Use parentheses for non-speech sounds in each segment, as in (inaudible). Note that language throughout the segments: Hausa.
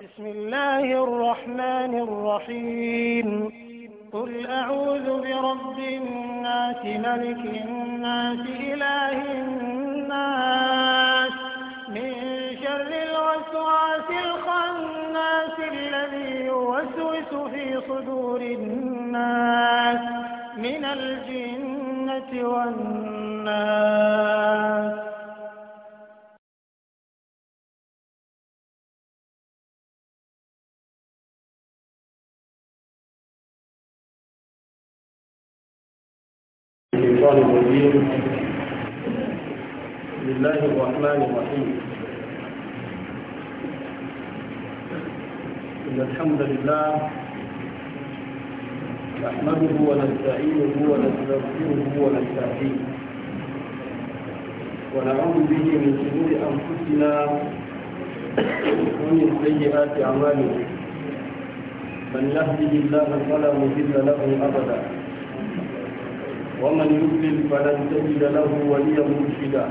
بسم الله الرحمن الرحيم قل أعوذ برب الناس ملك الناس إله الناس من شر الوسواس الخناس الذي يوسوس في صدور الناس من الجنة والناس الشيطان الرجيم بسم الله الرحمن الرحيم إن الحمد لله نحمده ونستعينه ونستغفره ونستهديه ونعوذ به من شرور أنفسنا ومن سيئات أعمالنا من يهده الله فلا مضل له أبدا ومن يضلل فلن تجد له وليا مرشدا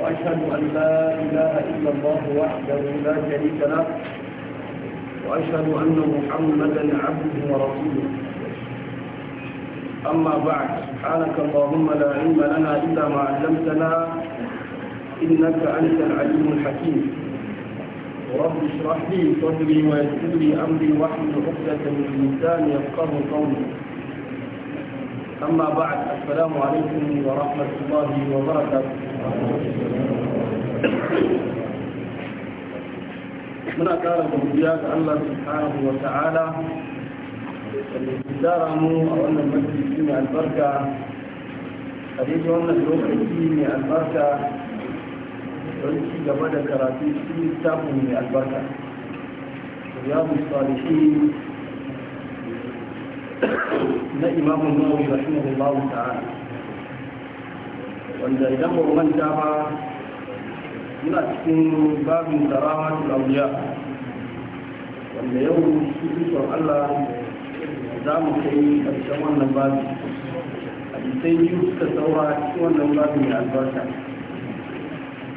وأشهد أن لا إله إلا الله وحده لا شريك له وأشهد أن محمدا عبده ورسوله أما بعد سبحانك اللهم لا علم لنا إلا ما علمتنا إنك أنت العليم الحكيم رب اشرح لي صدري ويسر لي أمري واحلل عقدة من لساني يفقه قولي أما بعد السلام عليكم ورحمة الله وبركاته muna ƙara godiya ga Allah subhanahu wa ta'ala da mu a wannan majalisi mai albarka a wannan lokaci mai albarka don da karatu mai albarka ya na imamun nawawi rahimahullahu ta'ala wanda idan ba manta ba muna cikin babin karama da auliya wanda yau su ikon Allah za mu kai ƙarshen wannan babin hadisai biyu suka saura cikin wannan babin mai albarka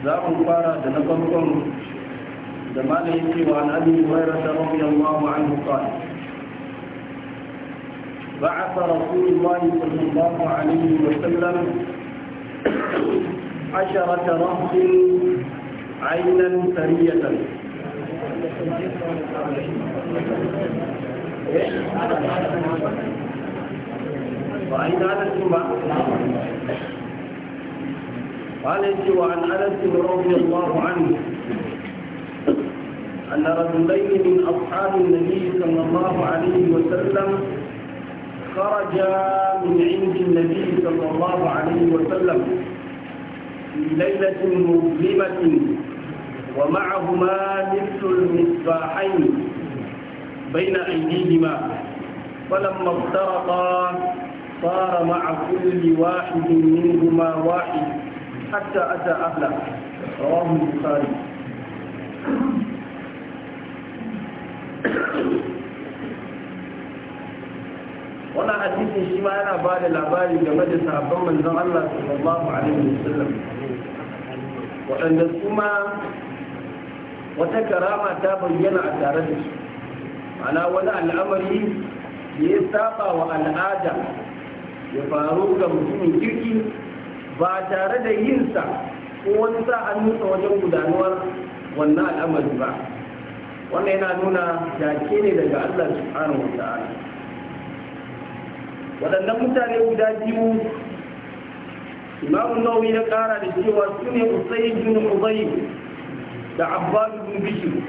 za mu fara da na farkon da yi cewa na abin wayar da rabu yamma wa an hukari بعث رسول الله صلى الله عليه وسلم عشرة رهط عينا ثرية وعين أنس قال وعن أنس رضي الله عنه أن رجلين من أصحاب النبي صلى الله عليه وسلم خرج من عند النبي صلى الله عليه وسلم في ليلة مظلمة ومعهما مثل المصباحين بين أيديهما فلما افترقا صار مع كل واحد منهما واحد حتى أتى أهله رواه البخاري hadisi shi ma yana ba da labari game da sabon manzon Allah sallallahu alaihi wasallam waɗanda kuma wata karama ta bayyana a tare da su ana wani al'amari da ya saba wa al'ada ya faru ga mutumin kirki ba tare da yinsa ko wani sa hannunsa wajen gudanuwar wannan al'amari ba wannan yana nuna yake ne daga Allah subhanahu wa ta'ala waɗannan mutane guda biyu imamun nawawi ya ƙara da cewa su ne usai bin ubayi da abbas bin bishir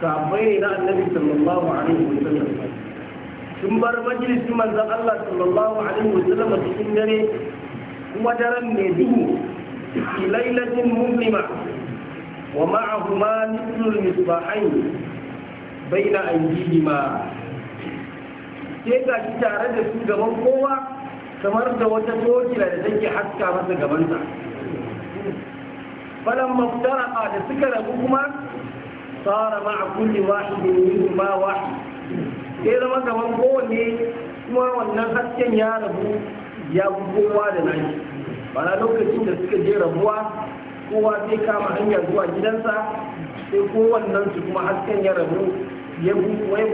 sahabbai ne na annabi sallallahu alaihi wa sallam sun bar majalisin manzon Allah sallallahu alaihi wa sallam cikin dare kuma daren ne duhu fi lailatin muslima wa ma'ahuma nislul misbahain baina aydihima sai ga shi tare da su gaban kowa kamar da wata tokila da take haska masa gabansa falan maftaraka da suka rabu kuma tsara ma a kulli wahidi minhu ma wahidi sai zama gaban kowanne kuma wannan hasken ya rabu ya fi kowa da nashi bana lokacin da suka je rabuwa kowa sai kama hanya zuwa gidansa sai kowannen su kuma hasken ya rabu ya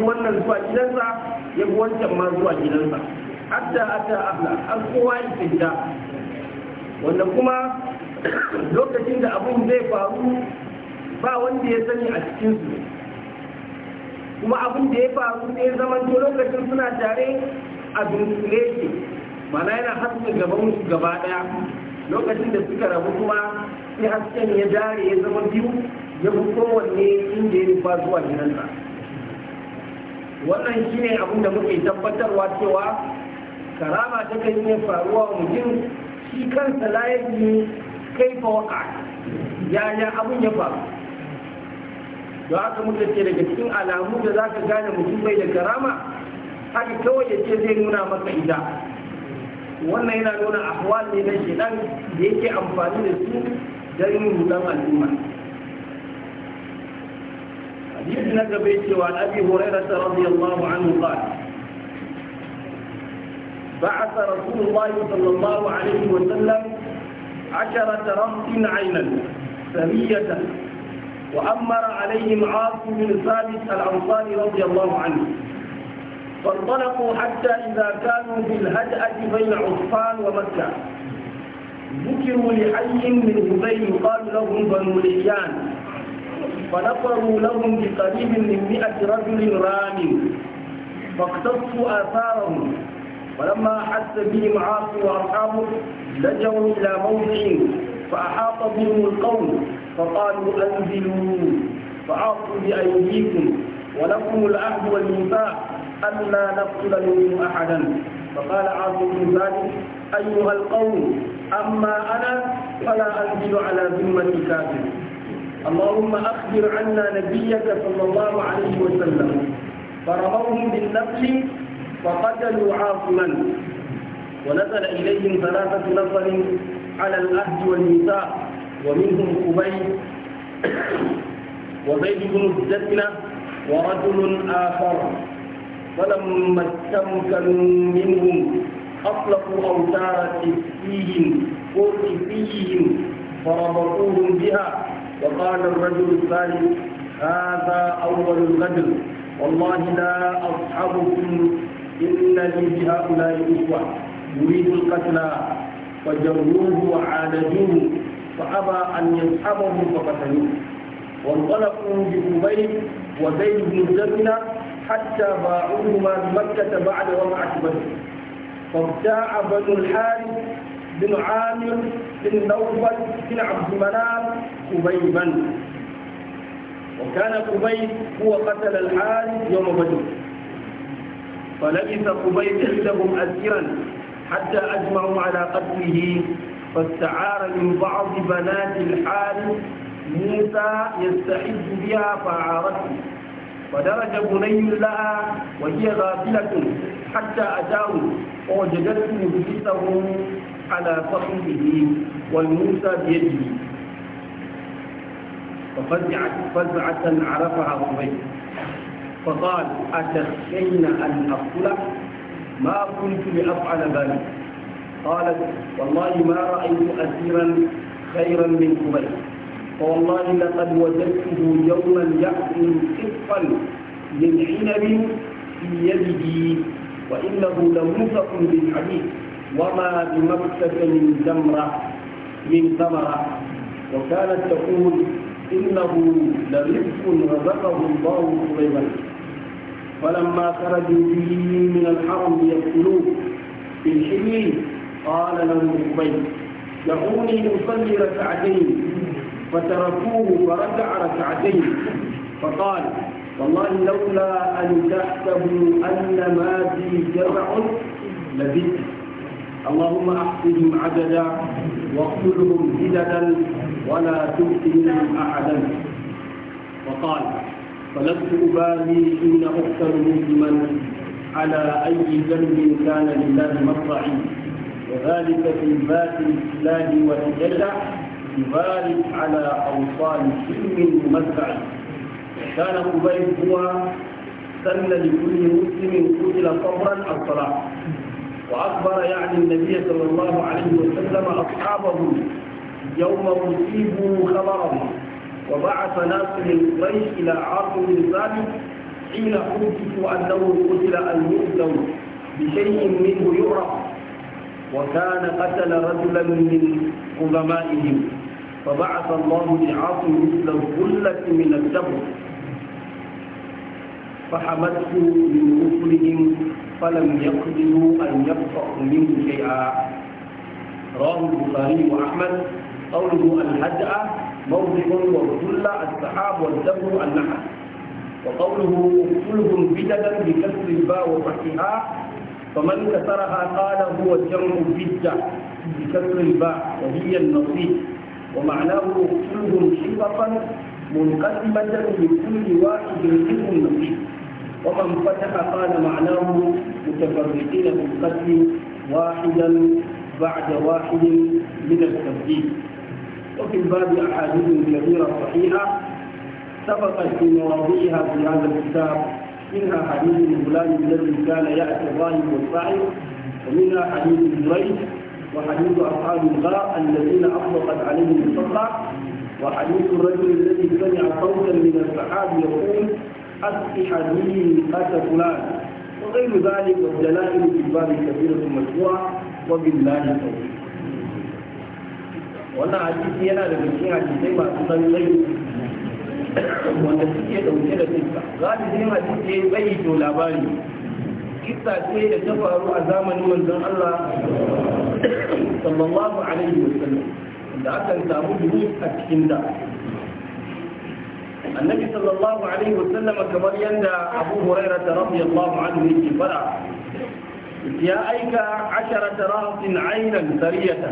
wannan zuwa gidansa ya bi wancan ma zuwa gidansa hatta hatta abla an kowa ya gida wanda kuma (coughs) lokacin da abun zai faru ba wanda ya sani a cikinsu kuma abin da ya faru ne zamanto lokacin suna tare a dunkule ke mana yana haske gaban su gaba daya lokacin da suka rabu kuma sai hasken ya dare ya zama biyu ya fi kowanne inda ya nufa zuwa gidansa wannan shi ne abin da muke tabbatarwa cewa karama ta kai ne faruwa mutum shi kansa layayi kai fa waka yaya abin ya faru da haka muke ce daga cikin alamu da za ka gane mutum bai da karama haka kawai ya ce zai nuna maka ida wannan yana nuna ahwal ne na shedan da yake amfani da su don yin hudan al'umma يجنك بيتي وعن أبي هريرة رضي الله عنه قال بعث رسول الله صلى الله عليه وسلم عشرة رهط عينا سمية وأمر عليهم عاص بن ثابت الأنصاري رضي الله عنه فانطلقوا حتى إذا كانوا بالهدأة بين عصفان ومكة ذكروا لحي من هبين يقال لهم بنو لحيان فنفروا لهم بقريب من مئة رجل رام فاقتصوا آثارهم فلما أحس بهم عاص وأصحابه لجوا إلى موضع فأحاط بهم القوم فقالوا أنزلوا فعاصوا بأيديكم ولكم العهد والميثاق ألا نقتل منهم أحدا فقال عاص بن ذلك أيها القوم أما أنا فلا أنزل على ذمة كافر اللهم أخبر عنا نبيك صلى الله عليه وسلم فرموه بالنفس فقتلوا عاصما ونزل إليهم ثلاثة نفر على الأهد والنساء ومنهم أبي (coughs) وزيد بن الزكنة ورجل آخر فلما استمكنوا منهم أطلقوا أوتار إفكيهم فيهم فربطوهم بها وقال الرجل الثاني هذا أول الغدر والله لا أصحابكم إلا لي هؤلاء الإخوة يريد القتل فجروه وعالجوه فأبى أن يصحبه فقتلوه وانطلقوا بأبي وزيد بن زمنة حتى باعوهما بمكة بعد وقعة بدر فابتاع بنو الحارث بن عامر بن نوفل بن عبد مناف قبيبا وكان قبيب هو قتل الحارث يوم بدر فلبث قبيب عندهم أسيرا حتى أجمعوا على قتله فاستعار من بعض بنات الحارث موسى يستحب بها فعارته فدرج بني لها وهي غافلة حتى أتاه ووجدته بكته على فخذه والموسى بيده ففزعت فزعة عرفها قبيل فقال أتخشين أن أقتله ما كنت لأفعل ذلك قالت والله ما رأيت أسيرا خيرا من قبيل فوالله لقد وجدته يوما يأكل قطفا من حنب في يده وإنه لموثق بالحديث وما بمكة من زمرة من ثمرة وكانت تقول إنه لرزق رزقه الله سليمان فلما خرجوا به من الحرم ليقتلوه في الحمير قال له أبي دعوني أصلي ركعتين فتركوه فركع ركعتين فقال والله لولا أن تحسبوا أن ما في جرع لبثت اللهم احفظهم عددا واقتلهم جددا ولا منهم احدا وقال فلست ابالي ان اقتل مسلما على اي ذنب كان لله مصرعي وذلك في ذات الاسلام وتجلى يبارك على اوصال سلم ممتع كان قبيل هو سن لكل مسلم قتل صبرا او صلاه وأخبر يعني النبي صلى الله عليه وسلم أصحابه يوم أصيبوا خبرهم وبعث ناس من قريش إلى عاصم بن ثابت حين حدثوا أنه قتل أن يؤذوا بشيء منه يعرف وكان قتل رجلا من قدمائهم فبعث الله لعاصم مثل الغلة من الدبر فحمته من رسلهم فلم يقدروا أن يقطعوا منه شيئا رواه البخاري وأحمد قوله الهدأ موضع والذل السحاب والدبر النحل وقوله اقتلهم بددا بكسر الباء وفتحها فمن كسرها قال هو جمع بدة بكسر الباء وهي النصيب ومعناه اقتلهم شفقا منقسمة لكل واحد منهم نصيب ومن فتح قال معناه متفرقين بالقتل واحدا بعد واحد من التفريق وفي الباب أحاديث كثيرة صحيحة سبقت في مواضيعها في هذا الكتاب منها حديث الغلام الذي كان يأتي الظالم والصاعد ومنها حديث جريج وحديث أصحاب الغاء الذين أطلقت عليهم الصخرة وحديث الرجل الذي سمع صوتا من السحاب يقول أصح لي أتى فلان وغير ذلك والدلائل في الباب كثيرة مشروعة وبالله التوفيق wannan hadisi yana daga cikin hadisai masu tsantsai wanda suke dauke da kisa galibin hadisi bai to labari kisa ce da ta faru a zamanin manzon Allah sallallahu alaihi wasallam da akan samu dubu a cikin da annabi sallallahu alaihi wasallam kamar yadda abu hurairah radiyallahu anhu yake fara ya aika asharata rahatin ainan sariyata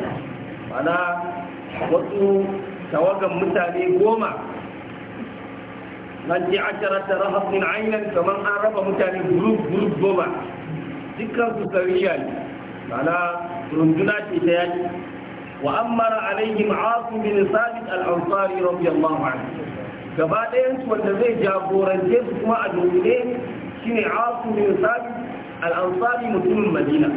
mana wasu tawagan mutane goma nan ji asharata rahatin ainan kamar an raba mutane gurup gurup goma dukkan su sariya ne mana runduna ce ta yaki wa ammara alaihim asu bin sabit al-ansari radiyallahu anhu gaba ɗayan wanda zai jagorance su kuma a domine shine asu bin sabi al-ansari mutumin madina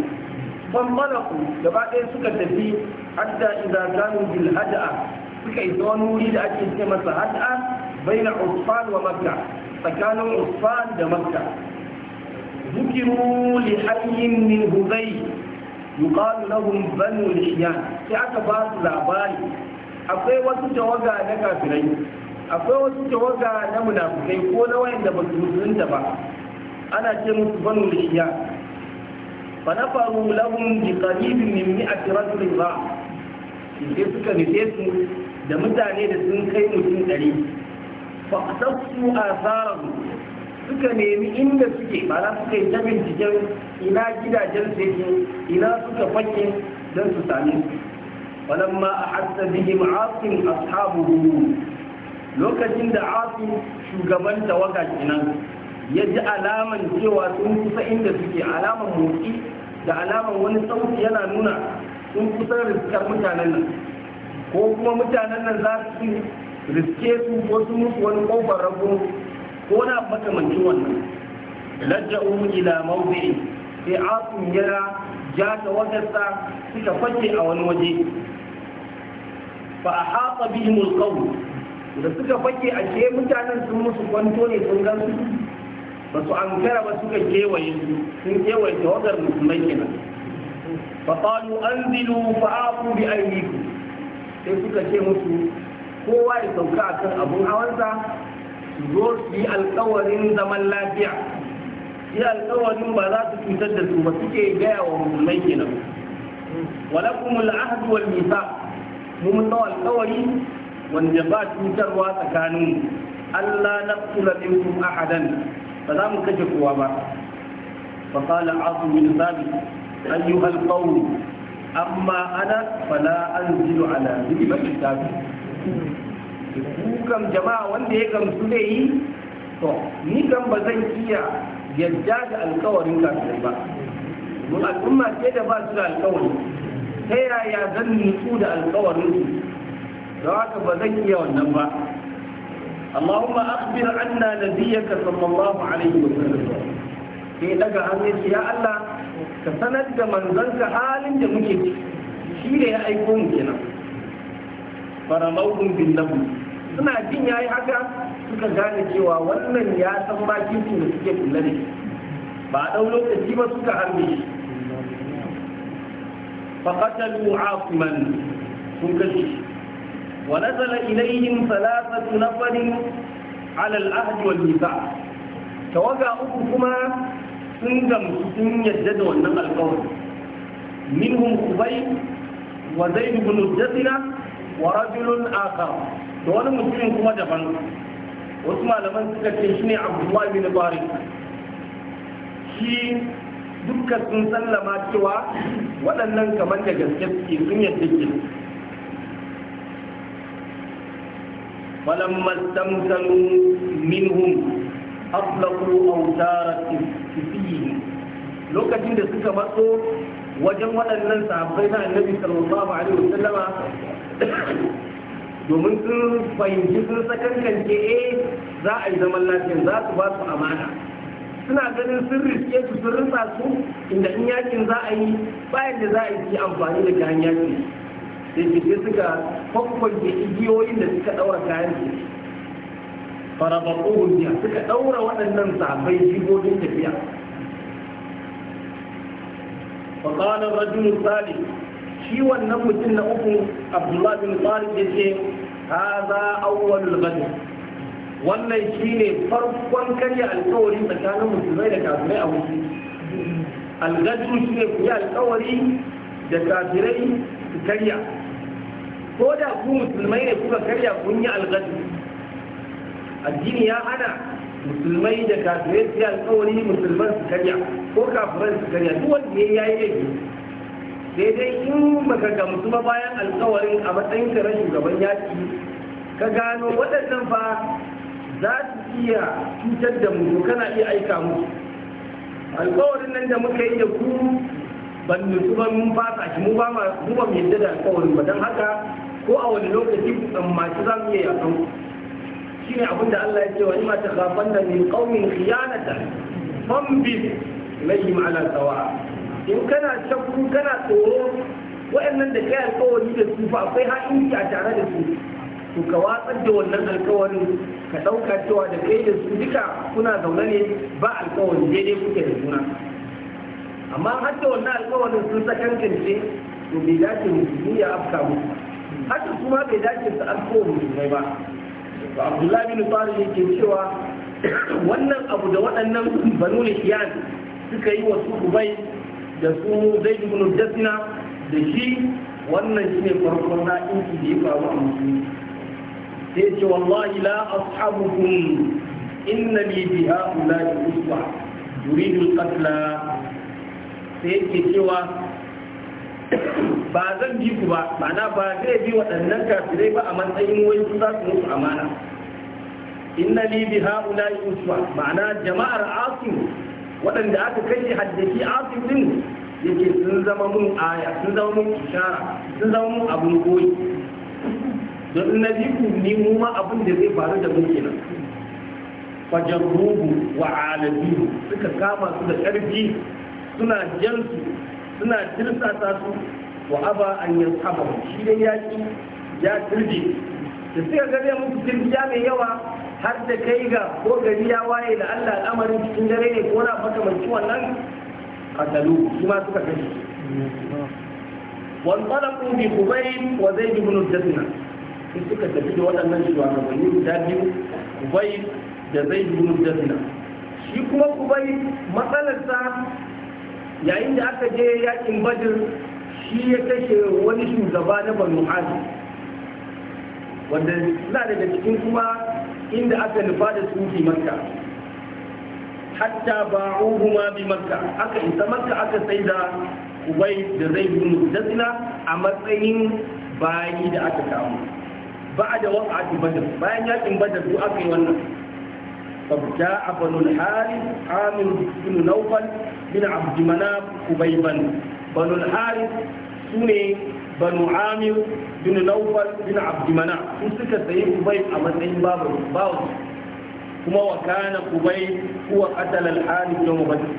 ban malaku gaba ɗaya suka tafi hatta idza kanu bil hada'a suka isa wani wuri da ake ce masa hada'a baina usfan wa makka tsakanin usfan da makka ذكروا لحي من هذيل يقال لهم بنو لحيان في أكبر لاباري أقوى وسط وقع لك في akwai wasu tawaga na munafukai ko na wayanda ba su musulunta ba ana ce musu banu shiya fa faru lahum bi qalibin min mi'ati rajulin ba suka nufe su da mutane da sun kai mutum ɗari fa qasasu atharahum suka nemi inda suke ba suka yi ta binciken ina gidajen sai ina suka fake don su sami su falamma ahassa bihim asim ashabuhu lokacin da asu shugaban tawaga kinan ya ji alaman cewa sun kusa inda suke alaman motsi da alaman wani sauti yana nuna sun kusa riskar mutanen nan ko kuma mutanen nan za su riske su ko su musu wani kofar rago ko na makamancin wannan laja'u ila mawdi'i sai asu yana ja ta tawagarsa suka fake a wani waje fa ahata bihimul qawl da suka fage a ke mutanen sun musu kwanto ne sun gan su ba su ba suka kewaye su sun kewaye wadar musulmai kenan fa qalu anzilu fa aqu bi aydikum sai suka ce musu kowa ya sauka akan abun hawansa su zo su yi alkawarin zaman lafiya yi alkawarin ba za su cutar da su ba suke gaya wa musulmai kenan walakumul ahdu wal misa mun alkawari wanda ba cutarwa tsakanin Allah na kula minkum ahadan ba za mu kashe kowa ba fa qala asu min sabi ayyuha alqawm amma ana fala an anzilu ala dhibati sabi kukan jama'a wanda ya gamsu zai yi to ni kan ba zan iya yadda da alkawarin kafirai ba mun al'umma ce da ba su da alkawari ta yaya zan nutsu da alkawarin su don haka ba zan iya wannan ba اللهم أخبر عنا نبيك صلى الله عليه وسلم sai daga hannun ya Allah ka sanar da manzanka halin da muke ci shi ne ya aiko mu kenan faramauhun bin nabu suna jin yayi haka suka gane cewa wannan ya san bakin su da suke kula da shi ba a ɗau lokaci ba suka harbe shi faƙatalu asiman sun kashe shi ونزل إليهم ثلاثة نفر على العهد والميثاق توقع أخوكما سنجم سن يجد والنقى القول منهم خبيب وزيد بن الجسنة ورجل آخر وانا مسلم كما دفن واسمع لمن سكتشني عبد الله بن طارق shi dukkan sun sallama cewa waɗannan kamar da gaske suke sun yadda فلما استمثلوا منهم أطلقوا أوتار كفيهم لو كتند سكبتوا wajen waɗannan sahabbai na annabi الله عليه وسلم domin sun fahimci sun sakankance eh za a yi zaman lafiya za su ba su amana suna ganin sun riske su sun rinsa su inda in yakin za a yi bayan da za a yi amfani da kayan yaki sai jirgin suka kwakwanke igiyoyin da suka ɗaura kayan su farabaɓo biya suka ɗaura waɗannan sahabbai jigogin tafiya faƙalar rajulun tsari shi wannan mutum na uku abdullahi bin tsari ya ce haza awwalul badr wannan shine farkon karya alƙawari tsakanin musulmai da kafirai a wuce algadru shine ku yi alƙawari da kafirai su karya ko da ku musulmai ne kuka karya kun yi algadu addini ya hana musulmai da kafirai su yi alkawari musulman su karya ko kafiran su karya duk wanda ya yi laifi sai dai in baka gamsu ba bayan alkawarin a matsayin ka rashin shugaban yaki ka gano waɗannan fa za su iya cutar da mu kana iya aika mu alkawarin nan da muka yi da ku ban nutsu ba mun fasa shi mu ba mu ba mu yadda da alkawarin ba don haka ko a wani lokaci ku tsammaci za mu iya shi ne abinda Allah ya ce wa ima ta kafan da min ƙaumin khiyanata fambin lahim ala sawa in kana shakku kana tsoro wa'annan da kai alƙawari da su fa akwai ha'inci a tare da su to ka watsar da wannan alkawarin ka ɗauka cewa da kai da su duka kuna zaune ne ba alkawari daidai kuke da juna amma har da wannan alkawarin sun sakankance to bai dace mu yi ya afka musu haka kuma bai dace su alkohol mai ba to abdullahi bin farid yake cewa wannan abu da waɗannan banu lihiyan suka yi wa su ubai da su zai ibn jasna da shi wannan shine farkon ra'inki da ya faru a musulmi sai ce wallahi la ashabukum inna li bi ha'ula'i uswa yuridu al-qatla sai yake cewa ba zan bi ku ba ma'ana ba zai bi waɗannan kafirai ba a matsayin wai su za su musu amana inna li bi haula uswa ma'ana jama'ar asu waɗanda aka kashe haddaki asu din yake sun zama mun aya sun zama mun ishara sun zama mun abun koyi don na bi ku ni mu ma abin da zai faru da mu kenan fajarruhu wa alabihu suka kama su da ƙarfi suna jansu suna tirsasa su wa aba an kama shi ne ya yaki ya turbe da suka gari ya mutu turjiya mai yawa har da kai ga ko gari ya waye da Allah al'amarin cikin dare ne ko na makamanci wannan katalu shi ma suka Wani kashe وانطلقوا بخبيب وزيد بن su suka tafi da waɗannan shugabanni guda biyu kubai da zai bin jazina shi kuma kubai matsalarsa yayin da aka je yakin bajir shi ya kashe wani shugaba na banu hali wanda suna daga cikin kuma inda aka nufa da su bi makka hatta ba'uhuma bi makka aka isa makka aka sai da ubai da zai yi mujassila a matsayin bayi da aka samu ba a da wasu ake badar bayan yakin badar su aka yi wannan banu بنو amin عامر بن bin بن عبد مناف banu banu al-harith sune banu amir bin nawfal bin abdumana su suka sayi ubay a matsayin babu babu kuma wa kana ubay huwa qatala al-harith yawm badr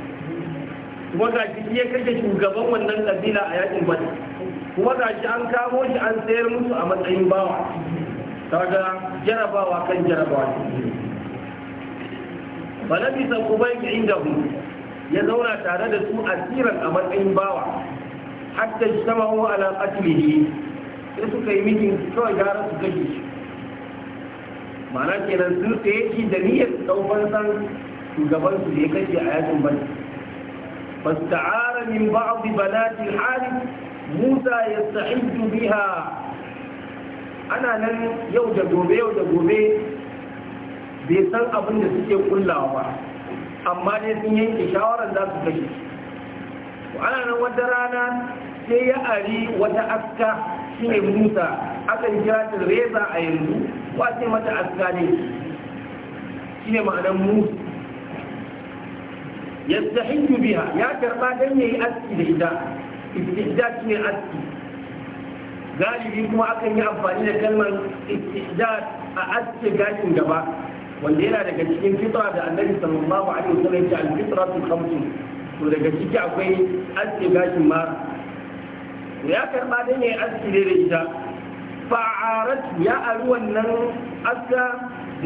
kuma ga shi ya kashe shugaban wannan kabila a yakin badr kuma ga shi an kamo shi an sayar musu a matsayin bawa kaga jarabawa kan jarabawa bisa فلبث قبيب عندهم ya zauna tare da su asiran a matsayin bawa hatta ijtamahu ala qatlihi sai suka yi mitin kawai gara su kashe shi Mana kenan sun tsaye shi da niyyar ɗaukar san shugaban su ya kashe a yakin bane fasta'ara min ba'd banati al Musa yasta'iddu biha ana nan yau da gobe yau da gobe bai san abin da suke kullawa ba amma ne sun yanke shawarar za su kashe ana nan wata rana sai ya ari wata aska shi ne musa akan kira ta reza a yanzu kwace mata aska ne shi ne ma'anar musu ya zahinju biya ya karɓa don ya yi aski da ita istihda shi ne aski galibi kuma akan yi amfani da kalmar istihda a aske gashin gaba wanda yana daga cikin fitra da annabi sallallahu alaihi wasallam ya al-fitra tu khamsu to daga ciki akwai aske gashin mara ya karba dan yayi aski da ita fa'arat ya ari wannan aska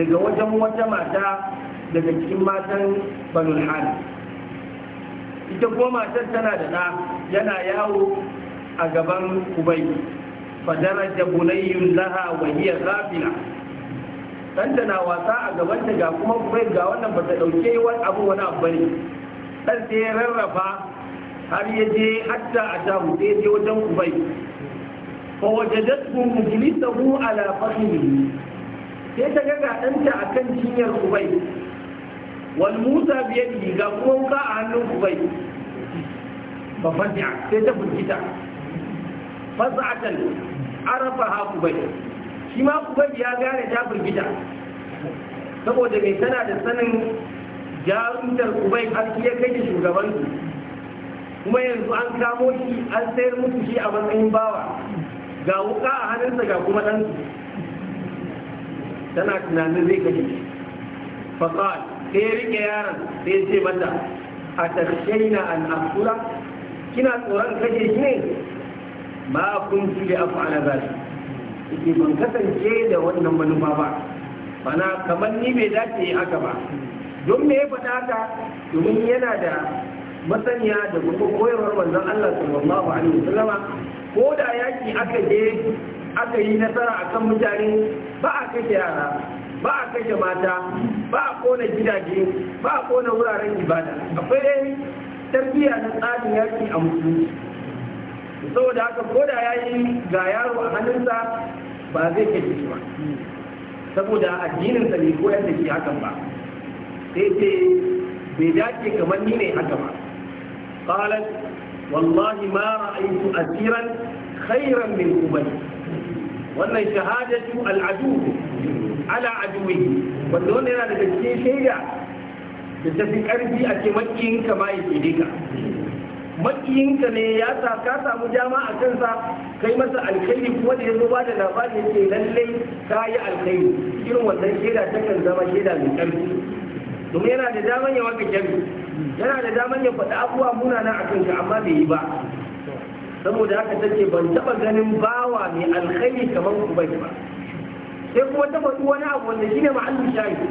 daga wajen wata mata daga cikin matan banul hali ita kuma matar tana da ɗa yana yawo a gaban kubai fadaraja bunayyun laha wa hiya zafila ɗanta na wasa a gaban ta ga kuma bai ga wannan ba ta ɗauke wani abu wani abu bane ɗan sai ya rarrafa har ya je hatta a tahu sai ya je wajen ubai fa wajadatu mujlisahu ala fahmihi sai ta ga ga ɗanta akan jinyar ubai wal musa biyadihi ga kuma wuka a hannun ubai fa fadi'a sai ta furgita fasa'atan arafa ha ubai shi ma ya gane ta firgita saboda mai tana da sanin jarumtar kubai har ya kai da su kuma yanzu an kamo shi an sayar musu shi a matsayin bawa ga wuka a hannunsa ga kuma ɗansu tana tunanin zai kashe shi fasal sai ya rike yaron sai ya ce mata a tashaina na al'asura kina tsoron kashe shi ne ba kun fi da afu ala ke ban kasance da wannan manufa ba bana kamar ni bai dace aka ba don me ya faɗa haka domin yana da masaniya da kuma koyarwar manzon Allah sallallahu alaihi wasallama ko da yaki aka je aka yi nasara akan mutane ba a kashe yara ba a kashe mata ba a kona gidaje ba a kona wuraren ibada akwai tarbiyya na tsarin yaki a musulunci saboda haka ko da ya yi ga yaro a hannunsa ba zai ke shi ba saboda addininsa ne koyar da hakan ba sai ce bai dace kamar ni ne haka ba qalat wallahi ma ra'aytu asiran khairan min ubay wannan shahadatu al'adu ala aduwi wanda wannan yana daga cikin shaida da tafi karfi a ce ka kama yake dika makiyinka ne ya sa ka samu dama a kansa kai masa alkhairi kuma da ya zo ba da labari ce lallai ka yi alkhairi irin wannan shaida ta kan zama shaida mai ƙarfi domin yana da daman ya waka kyami yana da daman ya faɗi abubuwa munana a kanka amma bai yi ba saboda haka ta ce ban taɓa ganin bawa mai alkhairi kamar ku ba sai kuma ta faɗi wani abu wanda ne ma'allin shayi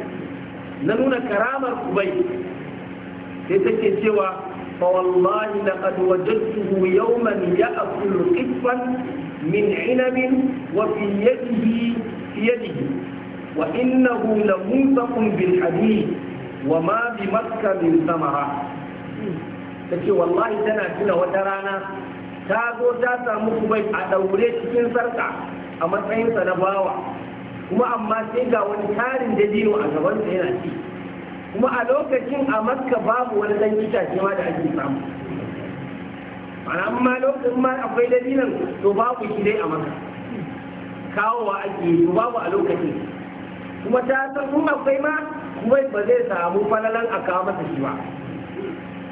na nuna karamar bai sai ta take cewa فوالله لقد وجدته يوما يأكل قفا من عنب وفي يده في يده وإنه لموثق بالحديد وما بمكة من ثمرة تكي والله تنا كنا وترانا تاغو تاسا مكبي أدوري تكين سرقا أما تين سنباوا kuma amma sai ga wani tarin da dino a gabansa yana ci kuma a lokacin a makka babu wani dan itace ma da ake samu amma lokacin ma akwai dalilan to babu shi dai a makka kawowa ake yi to babu a lokacin kuma ta san kun akwai ma kuma ba zai samu falalan a kawo masa shi ba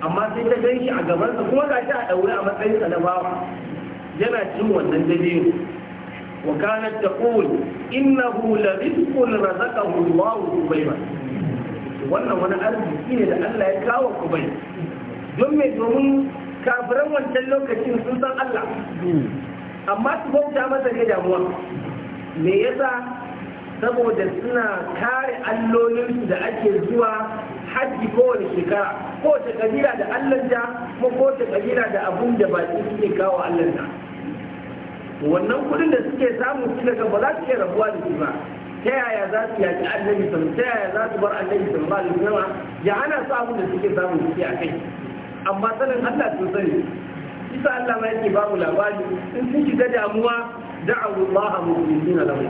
amma sai ta gan shi a gabansa kuma ga shi a ɗaure a matsayinsa na bawa yana cin wannan kanat taqul innahu la لرزق razaqahu Allahu سبحانه wannan wani arziki ne da Allah ya kawo ku bai don mai domin kafiran wancan lokacin sun san Allah amma su bauta masa ne damuwa me yasa saboda suna kare allolinsu da ake zuwa hajji kowane shekara ko ta kabila da allanta ko ta kabila da abun da su ke kawo allanta wannan kudin da suke samu su daga ba za su iya rabuwa da shi ba ta yaya za su yaki annabi sallallahu ta yaya za su bar annabi ba da wasallam ya hana su abin da suke samun ciki a kai amma sanin Allah sun sani isa Allah ma yake ba mu labari in sun shiga damuwa da'u Allah mu'minina lahu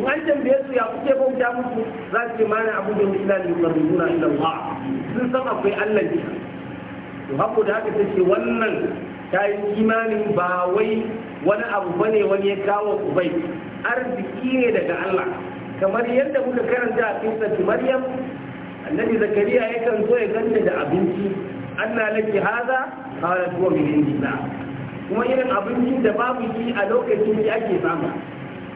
in an tambaye su ya kuke bauta musu za su yi mana abu da illa li yuqarribuna ila Allah sun san akwai Allah ne to hako da haka take wannan ta yi imanin ba wai wani abu bane wani ya kawo ku bai arziki ne daga Allah kamar yadda muka karanta a cikin Maryam annabi Zakariya yakan zo ya ganta da abinci Allah laki haza qala huwa min indina kuma irin abincin da babu shi a lokacin da ake samu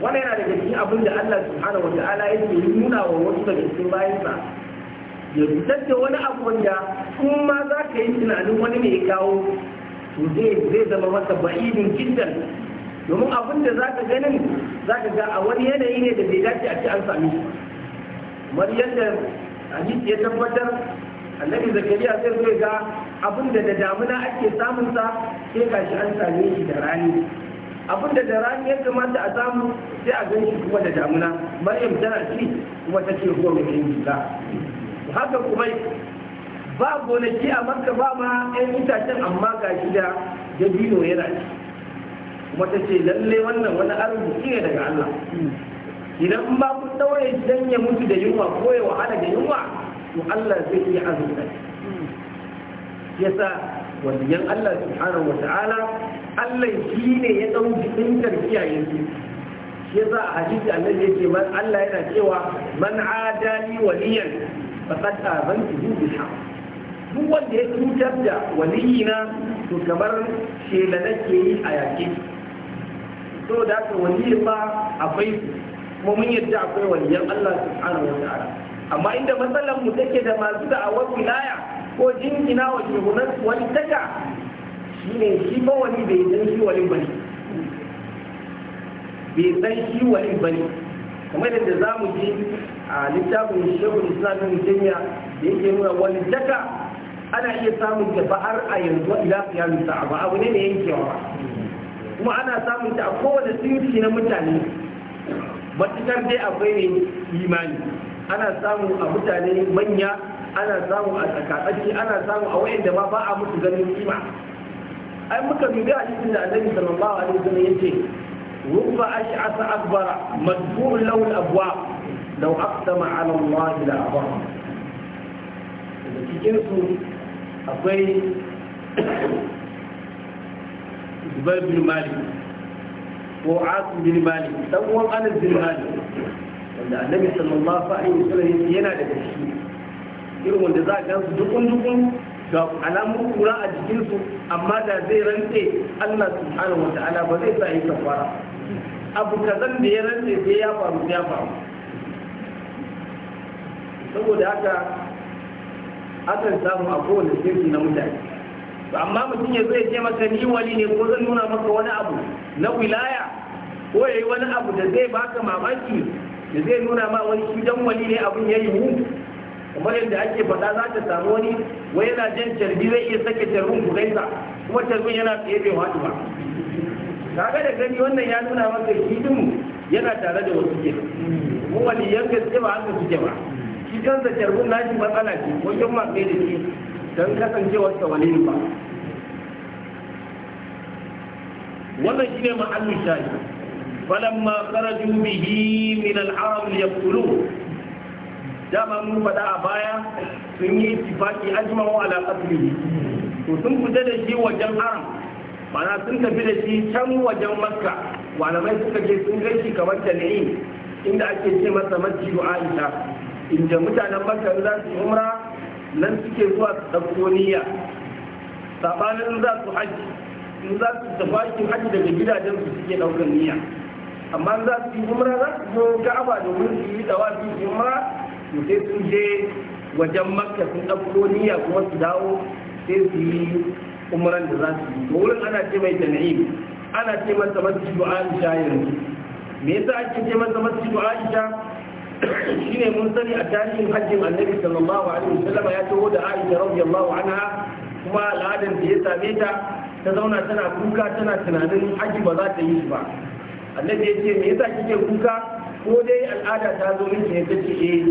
wannan yana daga cikin abin da Allah subhanahu wataala yake nuna wa wasu daga cikin bayansa ya fitar wani abu wanda kuma ma za ka yi tunanin wani ne ya kawo to zai zama masa ba'idin jiddan domin abin da za ka ganin za ka ga a wani yanayi ne da bai dace a ce an sami shi kamar yadda hadisi ya tabbatar annabi zakariya sai zai ga abin da da damuna ake samun sa sai shi an same shi da rani abin da da rani ya kamata a samu sai a gani shi kuma da damuna maryam tana ci kuma ta ce ruwa mai jika haka kuma ba gonaki a makka ba ma yan itacen amma shi da dabino yana ci Wata ce lalle wannan wani arziki ne daga Allah idan ba ku daure ya mutu da yunwa ko ya wahala da yunwa to Allah zai iya azurta yasa waliyan Allah subhanahu wata'ala Allah shi ne ya dau jikin kiyaye su shi yasa a hadisi annabi yake man Allah yana cewa man adali waliyan faqad azantu bil duk wanda ya cutar da waliyina to kamar shela nake yi a yaƙi so da haka waliyin ma akwai su kuma mun yadda akwai waliyan Allah subhanahu wa ta'ala amma inda matsalar mu take da masu da awar wilaya ko jingina wa shugunan wani taka ne shi ba wani bai san shi wani bane bai san shi wani bane kamar yadda za mu ji a littafin shehu islamin kenya da yake nuna wani taka ana iya samun ta har a yanzu ila fiya a ba abu ne ne yankewa kuma ana samun ta a kowane sinci na mutane matukar dai akwai ne imani ana samu a mutane manya ana samu a tsakatsaki ana samu a wayanda ma ba a musu ganin kima ai muka dubi a cikin da annabi sallallahu alaihi wasallam yace rubba ash'asa akbara madkur law al-abwab law aqsama ala Allah la abar cikin su akwai zubair bin malik ko asim bin malik dan uwan anas bin malik wanda annabi sallallahu alaihi wasallam yana da shi irin wanda za a gansu dukun dukun ga alamu kura a jikinsu amma da zai rantse Allah subhanahu wataala ba zai sa yi kafara abu kazan da ya rantse sai ya faru ya faru saboda haka akan samu a kowane sirri na mutane to amma mutum ya zai ce maka ni wali ne ko zan nuna maka wani abu na wilaya ko ya yi wani abu da zai baka mamaki da zai nuna ma wani shi dan wali ne abin yi mu kamar yadda ake faɗa za ta samu wani wai yana jan carbi zai iya sake carbin ku gaisa kuma carbin yana tsaye bai wani ba kaga da gani wannan ya nuna maka shi din yana tare da wasu ke mu waliyan gaske ba haka suke ba shi kansa carbin nashi matsala ce wajen ma kai da shi don kasancewarsa waliyin ba wannan shine ma'allin shahi falamma kharaju bihi min al ya yaqulu dama mun faɗa a baya sun yi tifaki ajma'u ala qatlihi to sun fita da shi wajen haram mana sun tafi da shi can wajen makka malamai suka je sun gan shi kamar tali'in inda ake ce masa masjidu aisha inda mutanen makka za su umra nan suke zuwa su ɗauko niyya saɓanin za su haji in za su tafi aikin haji daga gidajen su suke ɗaukar niyya amma in za su yi umra za su zo ka'aba da wurin su yi dawa su yi umra to sai sun je wajen makka sun ɗauko niyya kuma su dawo sai su yi umran da za su yi to wurin ana ce mai tan'im ana ce masa masjidu aisha yanzu me yasa ake ce masa masjidu aisha shine mun sani a tarihin hajjin annabi sallallahu alaihi wasallam ya taho da Aisha radiyallahu anha kuma al'adar da ya same ta ta zauna tana kuka tana tunanin hajji ba za ta yi ba annabi ya ce me yasa kike kuka ko dai al'ada ta zo miki ne take eh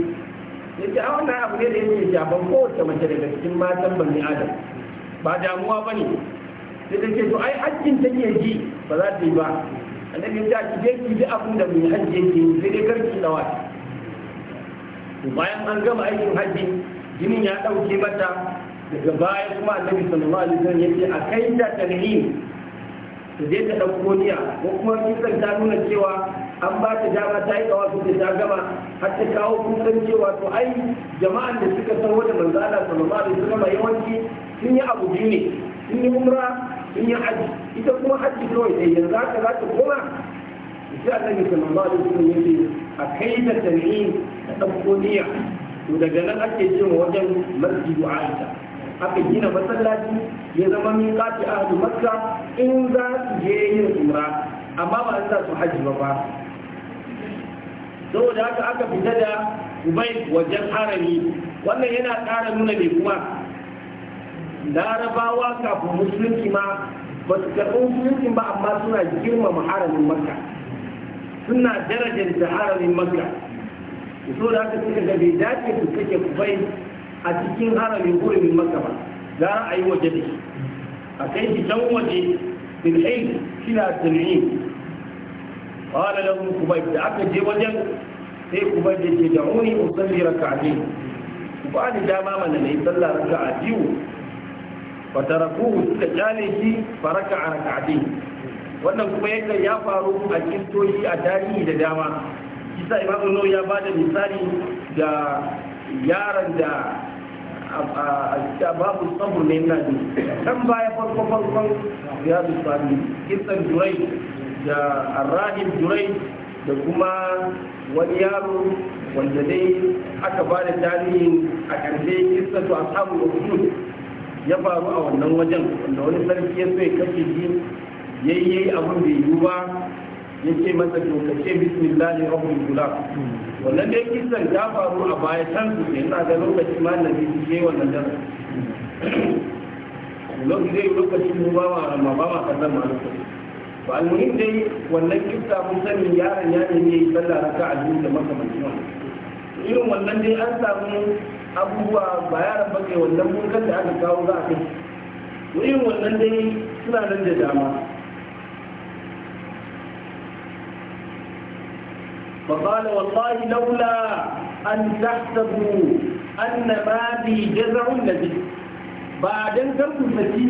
yace a ah, wannan abu ne da yake shafan kowace mace daga cikin matan bani adam ba damuwa bane sai ta ce to ai hajjin take ji ba za ta yi ba annabi ya ce ki je ki bi abin da mai hajji yake sai dai karki dawa bayan an gama aikin hajji jinin ya ɗauke mata daga baya kuma annabi sallallahu alaihi ya ce a kai ta tarihi su je ta ɗauko niya ko kuma kisan ta nuna cewa an ba ta dama ta yi kawa da ta gama har ta kawo kusan cewa to ai jama'an da suka san wata manzana Allah sallallahu alaihi wasallam yawanci sun yi abu biyu ne sun yi umra sun yi haji ita kuma haji kawai sai yanzu haka za ta koma sai annabi sallallahu alaihi wasallam yace a kai da tan'in da ɗauko niyya to daga nan ake jin wajen masjidu aisha aka gina masallaci ya zama min a hadu makka in za su je yin umra amma ba za su hajji ba ba saboda haka aka fita da ubai wajen harami wannan yana ƙara nuna mai kuma larabawa kafin musulunci ma ba su karɓi musulunci ba amma suna girmama haramin makka suna darajar da haramin makka so da haka suka ga bai dace su kake kubai a cikin haramin hurumin makka ba za a yi waje da shi a kai shi can waje bil'ai shina til'in qala lahum kubayb da aka je wajen sai kubayb ya ce da'uni usalli rak'atayn ku ba ni dama mana nayi sallah raka'a biyu fa tarakuhu suka kyale shi fa raka'a rak'atayn wannan kuma yakan ya faru a kistoshi a tarihi da dama isa imamu nau ya ba da misali da yaran da a babu sabur ne na ne kan baya farko farkon ya su sami kisan durai da arahim durai da kuma wani yaro wanda dai aka ba da tarihin a ƙarshe kisan su a samun ya faru a wannan wajen wanda wani sarki ya so ya kashe shi yayyayi abun da yi, ba ya ce masa dokace bismillahi rabbul gula wannan dai san ta faru a baya can su ne ina ga lokacin malami su ke wannan da lokacin zai lokacin mu ba ma ba ma kan ma lokacin ba almuhim dai wannan kissa mun sani yaron ya ne yayi sallah raka a duniya makamancin wannan irin wannan dai an samu abubuwa ba yaran ba kai wannan mun kanta aka kawo za a kai irin wannan dai suna nan da dama فقال والله لولا أن تحسبوا أن ما بي جزع الذي بعدين كنت فتي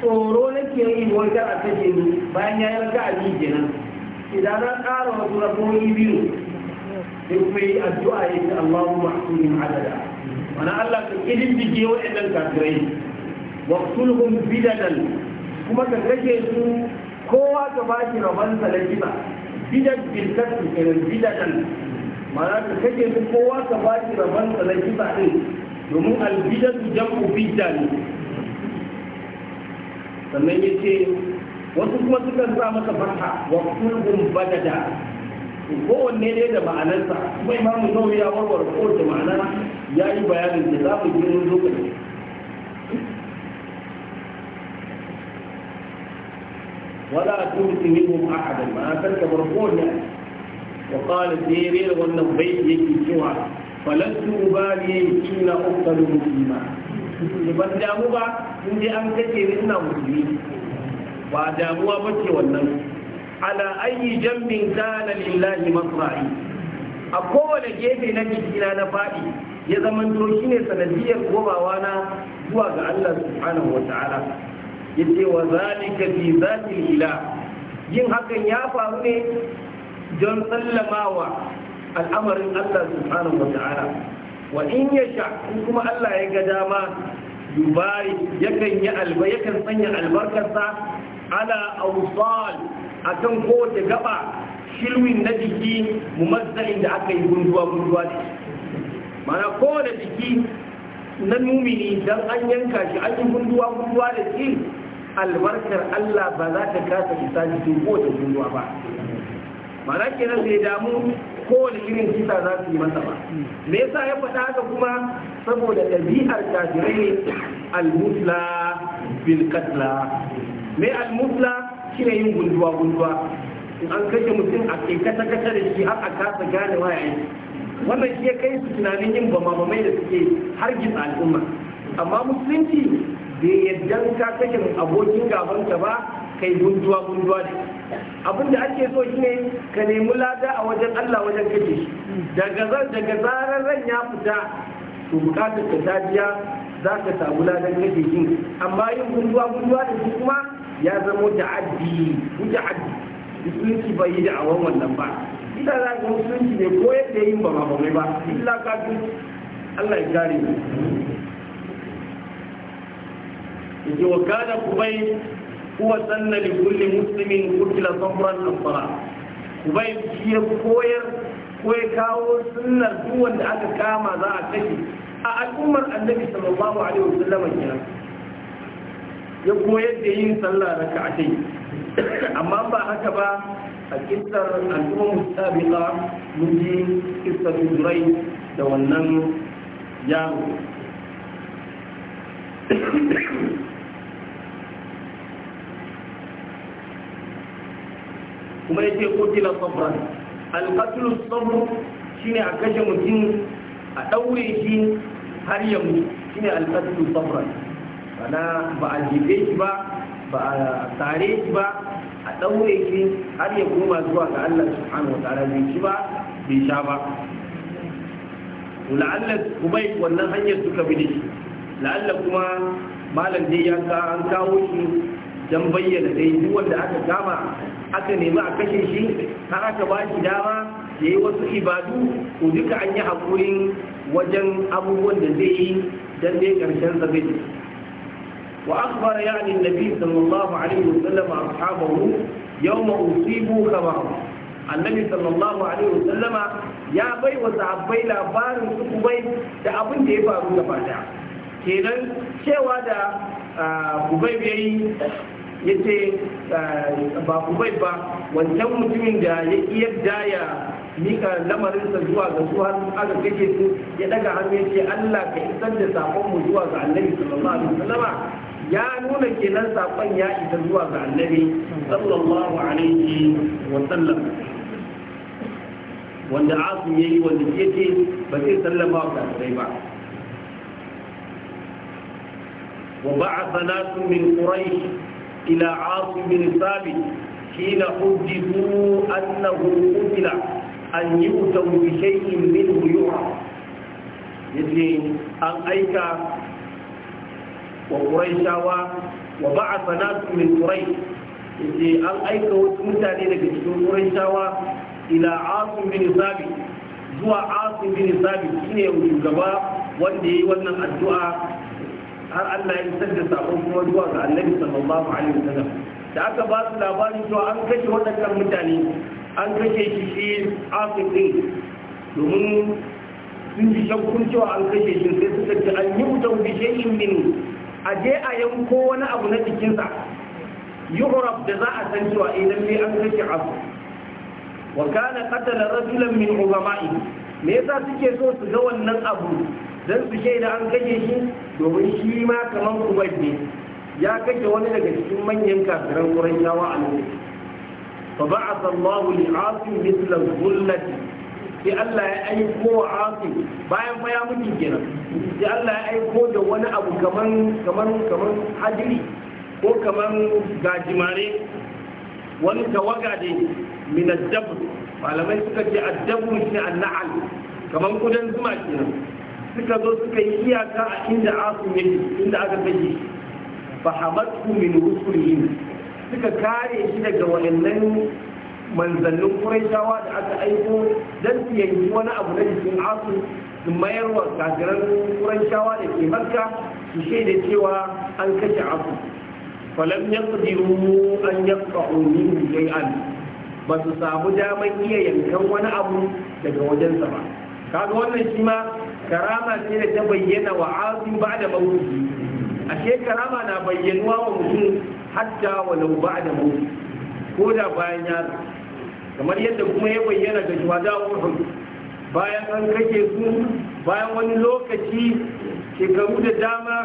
tsoro nake yi wai kar a kashe ni bayan ya yarka a jiki nan idan na ƙara wasu rafoyi biyu sai kuma yi addu'a ya ce Allahu mahsunin adada mana Allah ka kidin bige waɗannan kafirai waqtulhum kuma ka su kowa ka bashi rabon salafiba bidan bilkatu kenan bidan ma'ana ka kake su kowa ka ba shi rabon sa na kisa din domin albidatu jam'u bidda sannan ya ce wasu kuma sukan sa maka farha wa kullum badada kowanne ne da ma'anarsa kuma imamu nawawi ya warware kowace ma'ana ya yi bayanin da za mu yi lokaci wala tuti minhum ahadan ma san ka barko ne wa qala dere wannan bai yake cewa falan tubali inna uqtalu muslima ne ban damu ba in an kace ni ina musulmi ba damuwa bace wannan Ana ayi jambin kana lillahi masra'i a kowane gefe na jikina na faɗi ya zamanto sanadiyar gobawa na zuwa ga Allah subhanahu yace wa zalika fi zatil ilah yin hakan ya faru ne don sallamawa al'amarin Allah subhanahu wa ta'ala wa in yasha kuma Allah ya ga dama yubari yakan yi alba yakan sanya albarkarsa ala awsal akan kowace gaba shilwin na jiki mumazzalin da aka yi gunduwa gunduwa da mana kowane jiki na mumini dan an yanka shi an yi gunduwa gunduwa da shi albarkar Allah ba za ta kasa isa jikin kowace da ba mana kenan ya damu kowane irin kisa za su yi masa ba me yasa ya faɗa haka kuma saboda ɗabi'ar kafirai ne almusla bil katla me almusla Kina yin gunduwa gunduwa in an kashe mutum a kai kata kata da shi har a kasa gane waye wannan shi ya kai su tunanin yin bama bamai da suke hargitsa al'umma amma musulunci bai yadda ka kake abokin gabanka ba kai gunduwa gunduwa ne abin da ake so shine ka nemi lada a wajen Allah wajen kake shi daga daga zarar ran ya fita to bukatar ka tajiya za ka samu ladan kake shi amma yin gunduwa gunduwa da kuma ya zama ta'addi muta'addi musulunci bai yi da wannan ba ita za ka musulunci ne ko yadda yin ba ba ba illa ka Allah ya kare mu yake wa ku bai kuwa sanna li kulli muslimin kutila sabran nasara kubai shi ya koyar ko ya kawo sunnar duk wanda aka kama za a kashe a al'ummar annabi sallallahu alaihi wasallam kenan ya koyar da yin sallah raka'atai amma ba haka ba a kisar al'ummar musabiqa mun ji kisar durai da wannan yaro kuma ya yace qutila sabran al-qatl shi ne a kashe mutum a daure shi har ya shi ne al-qatl sabran bana ba a jibe shi ba ba a tare shi ba a daure shi har ya koma zuwa ga Allah subhanahu wa ta'ala bai shi ba bai sha ba la'alla kubai wannan hanyar suka bi da shi la'alla kuma malam dai ya ka an kawo shi don bayyana dai duk wanda aka kama aka nemi a kashe shi har aka ba shi dama ya yi wasu ibadu ko duka an yi haƙurin wajen abubuwan da zai yi don zai ƙarshen zabe wa akbar ya ne nabi sallallahu alaihi wasallam ashabahu yawma usibu kama annabi sallallahu alaihi sallama ya bai wa sahabbai labarin su kubai da abin da ya faru gaba daya kenan cewa da kubai ah, bai ya ce ah, ba bai ba wancan mutumin da ya yadda ya mika lamarinsa zuwa ga su har aka kashe su ya daga hannu ya ce Allah ka isar da sakon mu zuwa ga annabi sallallahu alaihi wasallama ya nuna kenan sakon ya isa zuwa ga annabi sallallahu alaihi wasallam wanda asu yayi wanda yake ba zai sallama wa sai ba وبعث ناس من قريش إلى عاصم بن ثابت حين حدثوا أنه قتل أن يؤتوا بشيء منه يرى يجي أن أيك وقريشاوا وبعث ناس من قريش يجي أن أيك وتمتاني لك من قريشاوا إلى عاصم بن ثابت zuwa عاصم بن ثابت shine يوجد wanda yayi يوجد الدعاء har Allah ya isar da sabon kuma zuwa ga annabi sallallahu alaihi wasallam da aka ba su labarin cewa an kashe waɗannan mutane an kashe shi shi afiqi domin sun ji shakkun cewa an kashe shi sai suka ce an yi wutan bishayin min a je a yanko wani abu na jikinsa horaf da za a san cewa idan eh, mai an kashe asu wa kana katala rajulan min ugama'i me yasa suke so su ga wannan abu don su shaida an kashe shi domin shi ma kamar kubar ne ya kashe wani daga cikin manyan kafiran wurin yawa a nan fa ba'atha Allah li asim mithla dhullati sai Allah ya aiko wa asim bayan fa ya mutu kenan sai Allah ya aiko da wani abu kamar kamar kamar hadiri ko kamar gajimare wani tawaga ne min malamai suka ce addabu shi an na'al kamar kudan zuma kenan suka zo suka yi iyaka a inda asim yake inda aka kashe fa hamatku min rusulihim suka kare shi daga wayannan manzannin Qurayshawa da aka aiko dan su yanki wani abu na cikin asim su mayar wa kafiran Qurayshawa da ke Makka su shaida cewa an kashe asim falam yaqdiru an yaqta'u min shay'an ba su samu damar iya yankan wani abu daga wajensa ba kaga wannan shi ma karama ce da ta bayyana wa azu ba da mawuti ashe karama na bayyanuwa wa mutum hatta walau ba da mawuti ko da bayan ya kamar yadda kuma ya bayyana ga shuhada uhud bayan an kake su bayan wani lokaci shekaru da dama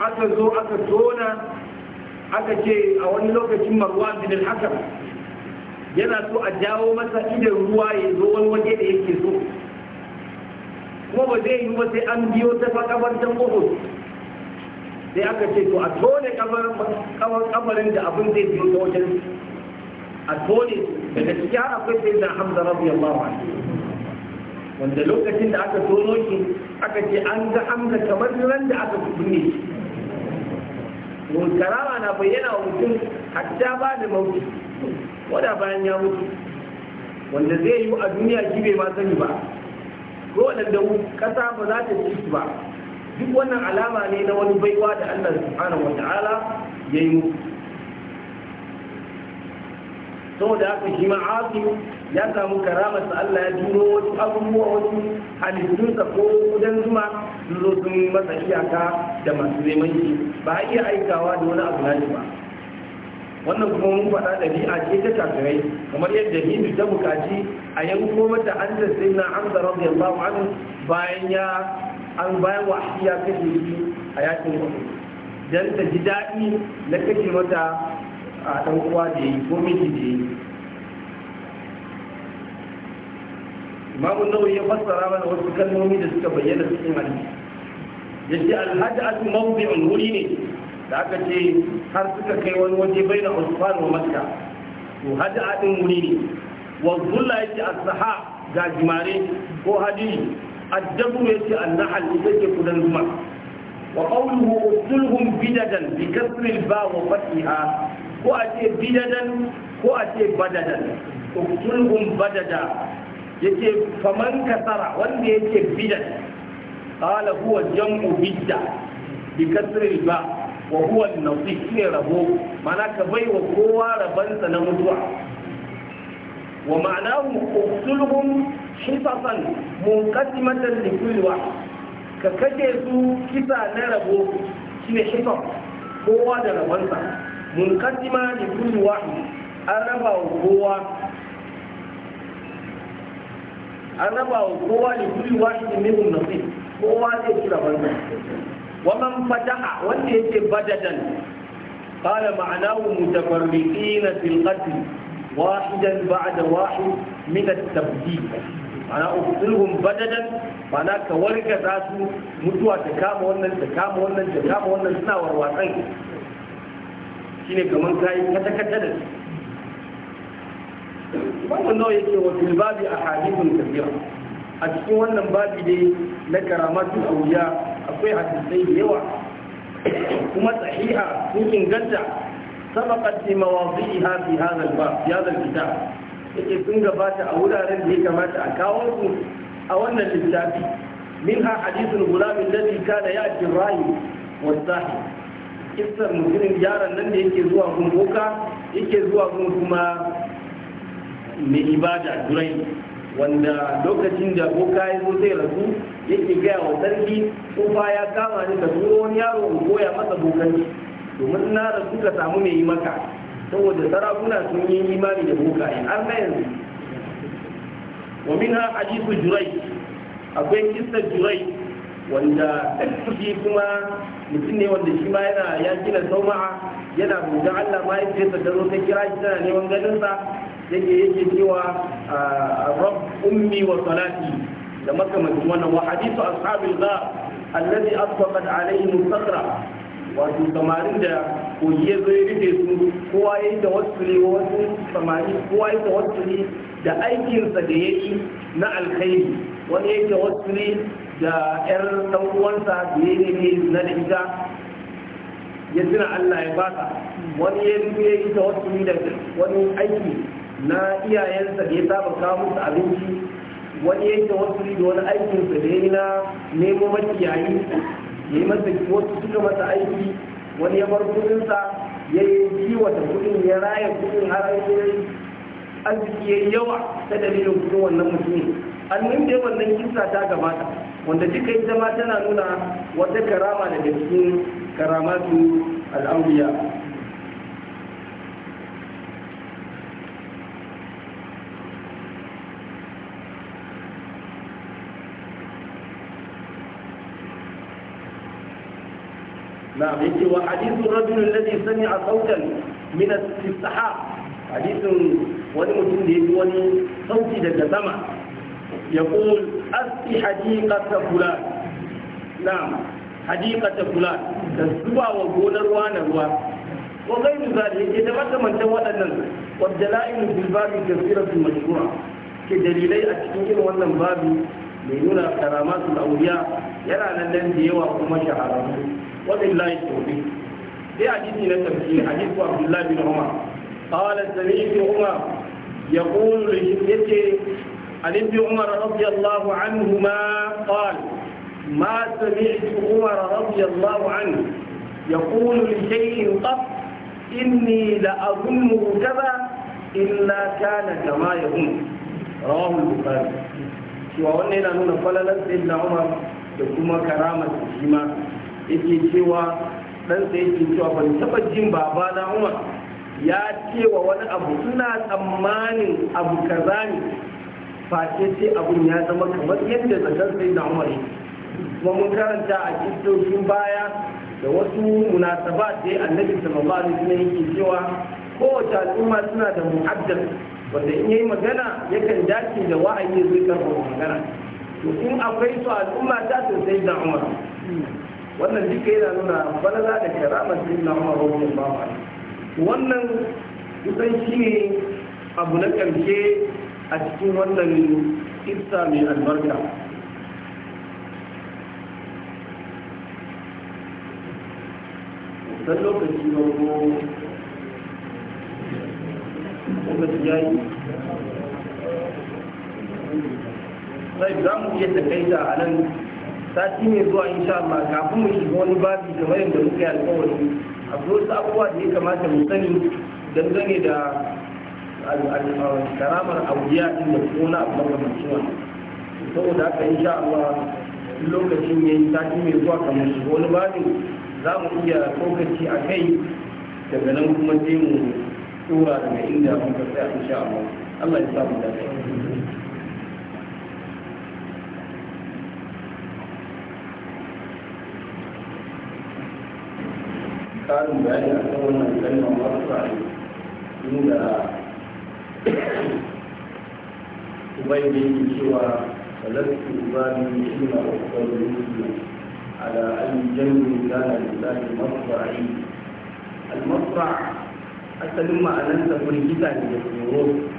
aka zo aka tona aka ce a wani lokacin marwan bin al yana so a jawo masa idan ruwa ya zo wani waje da yake so kuma ba zai yi ba sai an biyo ta fa ta uhud sai aka ce to a tone kabarin da abin zai biyo ta wajen a tone daga cikin akwai sai da hamza radiyallahu anhu wanda lokacin da aka tono shi aka ce an ga hamza kamar ran da aka kubune shi karama na bayyana wa mutum hatta ba da mauki wanda bayan ya mutu wanda zai yi a duniya shi bai ma sani ba ko waɗanda ƙasa ba za ta ci ba duk wannan alama ne na wani baiwa da Allah subhanahu wata'ala ya yi musu saboda haka shi ma ya samu karamar sa Allah ya turo wasu abubuwa wasu halittunsa ko kudan zuma sun zo sun masa iyaka da masu neman shi ba a iya aikawa da wani abu na ba wannan kuma mun faɗa ɗabi'a ce ta kafirai kamar yadda hindu ta bukaci a ko mata an da sai na an da rabu yamma bayan ya an bayan wa ya kashe shi a yakin wasu dan ta ji daɗi na kashe mata a ɗan uwa da yi ko miji da yi imamu nawawi ya fassara mana wasu kalmomi da suka bayyana cikin hadisi yace al-hajj mawdi'un wuri ne da aka ce har suka kai wani waje bai na usman wa makka to hada adin wuri ne wa zulla yake asaha ga jimare ko hadiri addabu yake annahal ita ke kudan zuma wa qawluhu usulhum bidadan bi kasri al-ba wa fathiha ko a ce bidadan ko a ce badadan usulhum badada yake faman kasara wanda yake bidan qala huwa jam'u bidda bi kasri al-ba wa huwa nauti shine rabo mana ka bai wa kowa rabansa na mutuwa wa ma'anahu uqtuluhum hisasan munqasimatan li kulli wa ka kaje su kisa na rabo shine hisab kowa da rabansa munqasima li kulli wa araba wa kowa araba wa kowa li kulli shine mun nasib kowa zai kira banza ومن فتح وانت بددا قال معناه متفرقين في القتل واحدا بعد واحد من التبديل ana ukulhum badadan mana ka wargaza su mutuwa ta kama wannan ta wannan ta wannan suna warwatsan shine kaman kai kata kata da su babu nawa yake wa fil babi ahadithun a cikin wannan na karamatu akwai hadisai da yawa kuma sahiha sun inganta sabaqat li mawadhi'iha fi hadha al-bab fi yake sun gabata a wuraren da ya kamata a kawo su a wannan littafi minha hadithul gulam alladhi kana ya'ti ar wa sahi sahib mutumin yaron nan da yake zuwa gun boka yake zuwa gun kuma mai ibada durai wanda lokacin da boka ya zo zai rasu yake gaya wa sarki tsufa ya kama ni ka turo wani yaro in koya masa bokanci domin na rasu ka samu mai yi maka saboda sarakuna sun yi imani da bokaye har na yanzu wa min ha hadisu jurai akwai kistar jurai wanda shi kuma mutum ne wanda shi ma yana ya gina sauma'a yana bauta Allah ma yake sa da ta kira shi tana neman ganin sa yake yake cewa ah, rab ummi wa salati da makamancin wannan wa hadisu ashabil za allazi asfaqat alaihim sakra wato samarin da koyi ya zo ya rufe su kowa ya yi da wasu ne wasu samari kowa ya yi da wasu ne da aikinsa da ya yi na alkhairi wani ya yi da wasu ne da yar dan uwansa da ya yi na da ya tuna Allah ya baka wani ya rufe ya yi da wasu ne da wani aiki na iyayensa da ya saba kawo musu abinci wani yanke wasu da wani aikin su da na nemo makiyayi yayi masa wasu suka masa aiki wani ya bar ya yi yayi wata kudin ya raya kudin har yayi arziki yayi yawa ta dalilin kudin wannan mutumin annin da wannan kisa ta gabata wanda duka ita ma tana nuna wata karama da cikin karamatu al'auliya na'am yake wa hadithu rajul alladhi sami'a sautan min wani mutum da yaji wani sauti daga sama yaqul asqi hadiqata fulan na'am hadiqata da zuba wa gonar wani ruwa wa gairu zalika yake da makamantan waɗannan wadda la'ilu bil babi kathiratu mashhura ke dalilai a cikin irin wannan babu mai nuna karamatul awliya yana nan da yawa kuma shahararru وبالله التوفيق في حديث من التفسير حديث عبد الله بن عمر قال سمعت عمر يقول لجدته عن ابن عمر رضي الله عنهما قال ما سمعت عمر رضي الله عنه يقول لشيء قط إني لأظنه كذا إلا كان كما يظن رواه البخاري shi wa wannan yana nuna falalar عمر Umar da kuma yake cewa sai yake cewa ban taba jin baba na umar ya cewa wani abu ina tsammanin abu kaza ne face sai abun ya zama kamar yadda zakar sai da umar kuma mun karanta a cikin baya da wasu munasaba da annabi sallallahu alaihi wasallam yake cewa kowace al'umma suna da muhaddar wanda in yayi magana yakan dace da wa'ayi zai karɓa magana to in akwai su al'umma ta sai da umar wannan duk yana nuna balaga da karamar din na Umar bin Baba wannan kusan shi ne abu na karshe a cikin wannan isa mai albarka dan lokaci na ko lokaci ya yi sai za mu iya da a nan sati mai zuwa insha Allah kafin mu shiga wani babi kamar yadda muke alƙawari akwai wasu abubuwa da ya kamata mu sani dangane da karamar auliya din da kuma abu na kamar saboda haka insha Allah lokacin yi sati mai zuwa kamar shiga wani babi za mu iya tsokaci a kai daga nan kuma sai mu tura daga inda muka tsaya insha Allah Allah ya samu da kai karin bayani a kan wannan kalmar marfa inda ubangiji cewa falastu ubani ina ukbar musulmi ala aljannu kana lillahi marfa'i al-marfa' asalin ma'anarsa firgita ne da tsoro